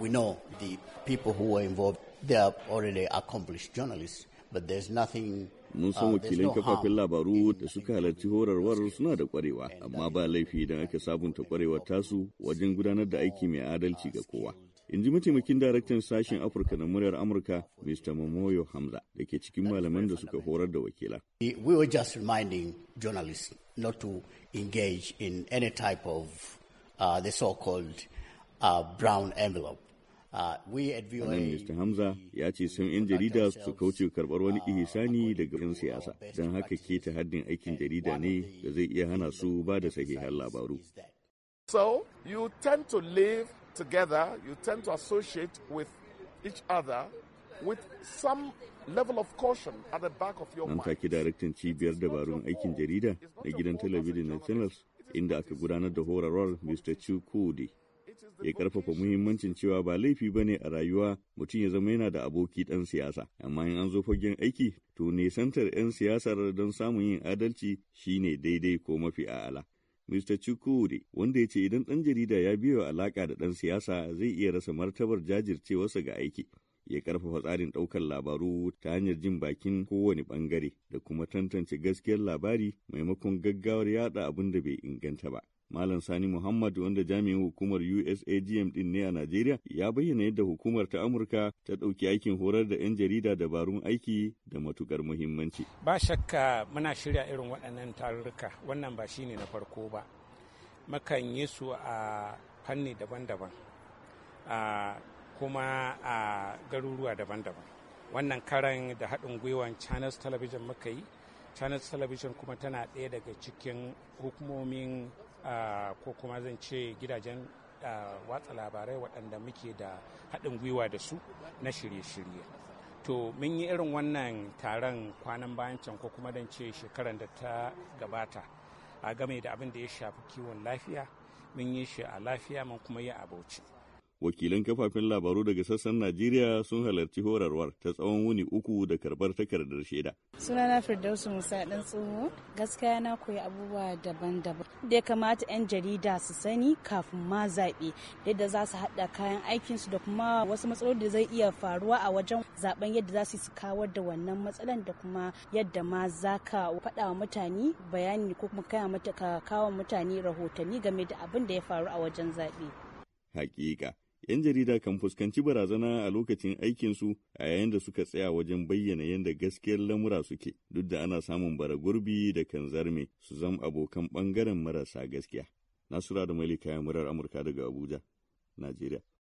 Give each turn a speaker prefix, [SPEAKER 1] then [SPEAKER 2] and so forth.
[SPEAKER 1] we know the people who were involved, they are already accomplished journalists, but there's nothing mun uh, san wakilan kafafen labaru da suka halarci horarwar suna da kwarewa amma ba uh, laifi idan aka sabunta kwarewar tasu wajen gudanar da aiki mai uh, adalci ga kowa in ji mataimakin daraktan sashen afirka na muryar amurka mr mamoyo hamza da ke cikin malaman da suka horar da wakila we were just reminding journalists not to engage in any type of uh, the so-called uh, brown envelope Sannan uh, Mr. Hamza ya ce sun 'yan jarida su kauce karɓar wani uh, ihisani daga 'yan siyasa, don haka ta haddin aikin jarida ne da zai iya hana su ba da sahihan labaru.
[SPEAKER 2] So you tend to live together, you tend to associate with each other with some level of caution at the back of your mind.
[SPEAKER 1] Nan take daraktan cibiyar dabarun aikin jarida na gidan talabijin na Channels inda aka gudanar da horarwar Mr. Chukwudi ya karfafa muhimmancin cewa ba laifi ba ne a rayuwa mutum ya zama yana da aboki ɗan siyasa amma in an zo fagen aiki to nesantar 'yan siyasar don samun yin adalci shine daidai ko mafi a'ala. Mr. Chukwudi, wanda ya ce idan ɗan jarida ya biyo alaka da ɗan siyasa zai iya rasa martabar jajircewarsa ga aiki. ya karfafa tsarin ɗaukar labaru ta hanyar jin bakin kowane ɓangare da kuma tantance gaskiyar labari maimakon gaggawar yada abin da bai inganta ba. Malam Sani Muhammad wanda jami'in hukumar USAGM din ne a Najeriya ya bayyana yadda hukumar ta Amurka ta ɗauki aikin horar da 'yan jarida dabarun aiki da matukar muhimmanci.
[SPEAKER 2] Ba shakka muna shirya irin waɗannan tarurruka wannan ba shi ne na farko ba. Makan yi su a fanni daban-daban kuma a garuruwa daban-daban. Wannan karan da haɗin gwiwan Channels Television muka yi. Channels Television kuma tana ɗaya daga cikin hukumomin ko kuma zan ce gidajen watsa labarai waɗanda muke da haɗin gwiwa da su na shirye-shirye to mun yi irin wannan taron kwanan bayan can ko kuma zan ce shekaran da ta gabata a game da abin da ya shafi kiwon lafiya mun yi shi a lafiya mun kuma yi a bauchi
[SPEAKER 1] wakilan kafafen labaru daga sassan Najeriya sun halarci horarwar ta tsawon wuni uku da karbar takardar shaida.
[SPEAKER 2] Sunana Firdausu Musa ɗan tsoho gaskiya na koyi abubuwa daban-daban. Da ya kamata 'yan jarida su sani kafin ma zaɓe yadda za su haɗa kayan aikinsu da kuma wasu matsaloli da zai iya faruwa a wajen zaben yadda za su su kawar da wannan matsalar da kuma yadda ma za ka faɗa wa mutane bayani ko kuma kaya kawo mutane rahotanni game da abin da ya faru a wajen zaɓe.
[SPEAKER 1] Hakika, 'Yan jarida kan fuskanci barazana a lokacin aikinsu a yayin da suka tsaya wajen bayyana yadda gaskiyar lamura suke, duk da ana samun bara gurbi da kan zarme su zam abokan bangaren marasa gaskiya. Nasura da Malika ya murar Amurka daga Abuja, Najeriya.